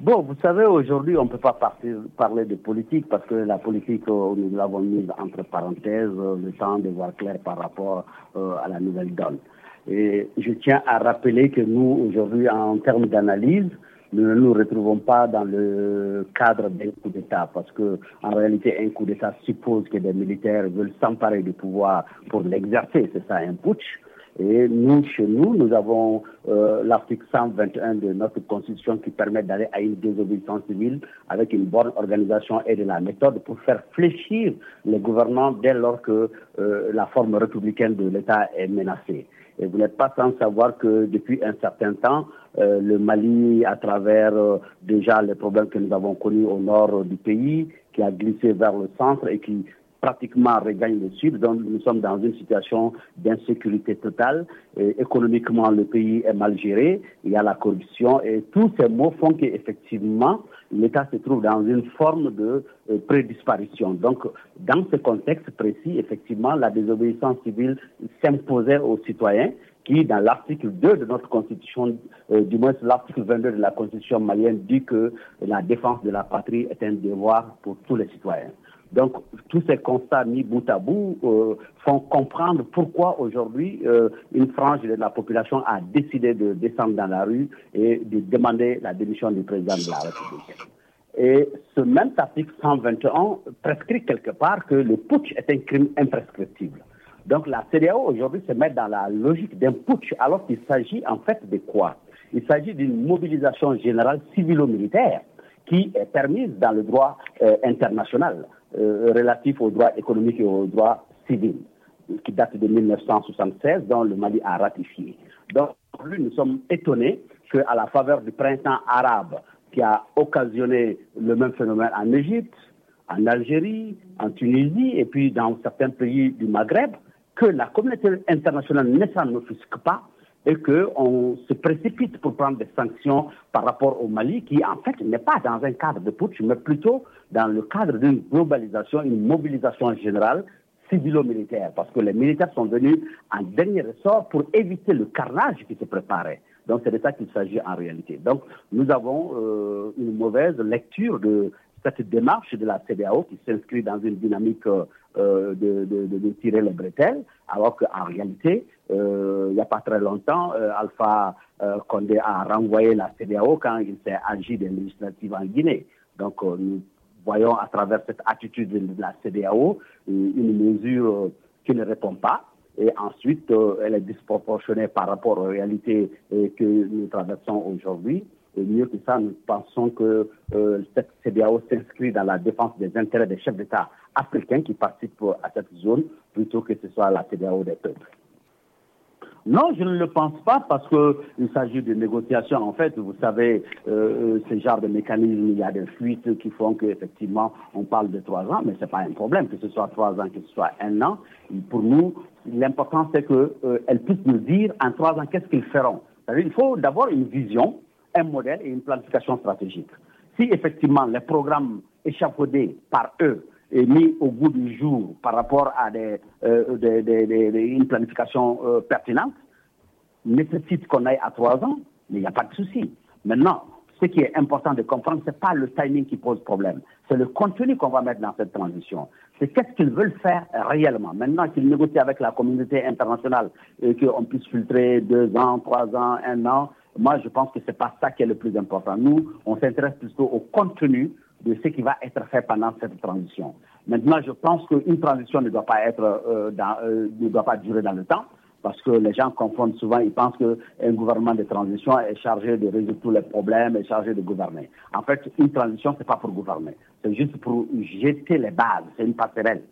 Bon, vous savez, aujourd'hui, on ne peut pas parler de politique parce que la politique, euh, nous l'avons mise entre parenthèses, euh, le temps de voir clair par rapport euh, à la nouvelle donne. Et je tiens à rappeler que nous, aujourd'hui, en termes d'analyse, nous ne nous retrouvons pas dans le cadre d'un coup d'État, parce que en réalité, un coup d'État suppose que des militaires veulent s'emparer du pouvoir pour l'exercer, c'est ça un putsch. Et nous, chez nous, nous avons euh, l'article 121 de notre Constitution qui permet d'aller à une désobéissance civile avec une bonne organisation et de la méthode pour faire fléchir le gouvernement dès lors que euh, la forme républicaine de l'État est menacée. Et vous n'êtes pas sans savoir que depuis un certain temps, euh, le Mali, à travers déjà les problèmes que nous avons connus au nord du pays, qui a glissé vers le centre et qui pratiquement regagne le sud. Donc nous sommes dans une situation d'insécurité totale. économiquement, le pays est mal géré, il y a la corruption et tous ces mots font qu'effectivement, l'État se trouve dans une forme de euh, prédisparition. Donc, dans ce contexte précis, effectivement, la désobéissance civile s'imposait aux citoyens qui, dans l'article 2 de notre constitution, euh, du moins l'article 22 de la constitution malienne, dit que la défense de la patrie est un devoir pour tous les citoyens. Donc, tous ces constats mis bout à bout euh, font comprendre pourquoi aujourd'hui euh, une frange de la population a décidé de descendre dans la rue et de demander la démission du président de la République. Et ce même article 121 prescrit quelque part que le putsch est un crime imprescriptible. Donc la CDAO aujourd'hui se met dans la logique d'un putsch alors qu'il s'agit en fait de quoi Il s'agit d'une mobilisation générale civilo-militaire qui est permise dans le droit euh, international. Euh, relatif aux droits économiques et aux droits civils, qui date de 1976, dont le Mali a ratifié. Donc, nous sommes étonnés qu'à la faveur du printemps arabe, qui a occasionné le même phénomène en Égypte, en Algérie, en Tunisie et puis dans certains pays du Maghreb, que la communauté internationale ne s'en offusque pas et qu'on se précipite pour prendre des sanctions par rapport au Mali, qui en fait n'est pas dans un cadre de putsch, mais plutôt dans le cadre d'une globalisation, une mobilisation générale civilo-militaire, parce que les militaires sont venus en dernier ressort pour éviter le carnage qui se préparait. Donc c'est de ça qu'il s'agit en réalité. Donc nous avons euh, une mauvaise lecture de cette démarche de la CDAO qui s'inscrit dans une dynamique euh, euh, de, de, tirer le bretelles, alors qu'en réalité, euh, il n'y a pas très longtemps, euh, Alpha Condé a renvoyé la CDAO quand il s'est agi des législatives en Guinée. Donc nous voyons à travers cette attitude de la CDAO une mesure qui ne répond pas. Et ensuite, elle est disproportionnée par rapport aux réalités que nous traversons aujourd'hui. Et mieux que ça, nous pensons que cette CDAO s'inscrit dans la défense des intérêts des chefs d'État africains qui participent à cette zone plutôt que ce soit la CDAO des peuples. Non, je ne le pense pas parce qu'il s'agit de négociations. En fait, vous savez, euh, euh, ce genre de mécanisme, il y a des fuites qui font qu'effectivement, on parle de trois ans, mais ce n'est pas un problème, que ce soit trois ans, que ce soit un an. pour nous, l'important, c'est qu'elles euh, puissent nous dire en trois ans qu'est-ce qu'ils feront. Il faut d'abord une vision, un modèle et une planification stratégique. Si effectivement les programmes échafaudés par eux mis au bout du jour par rapport à euh, une planification euh, pertinente nécessite qu'on aille à trois ans, mais il n'y a pas de souci. Maintenant, ce qui est important de comprendre, ce n'est pas le timing qui pose problème, c'est le contenu qu'on va mettre dans cette transition. C'est qu'est-ce qu'ils veulent faire réellement. Maintenant qu'ils négocient avec la communauté internationale et qu'on puisse filtrer deux ans, trois ans, un an, moi je pense que ce n'est pas ça qui est le plus important. Nous, on s'intéresse plutôt au contenu de ce qui va être fait pendant cette transition. Maintenant, je pense qu'une transition ne doit pas être, euh, euh, ne doit pas durer dans le temps, parce que les gens confondent souvent, ils pensent qu'un gouvernement de transition est chargé de résoudre tous les problèmes, est chargé de gouverner. En fait, une transition, ce n'est pas pour gouverner, c'est juste pour jeter les bases, c'est une passerelle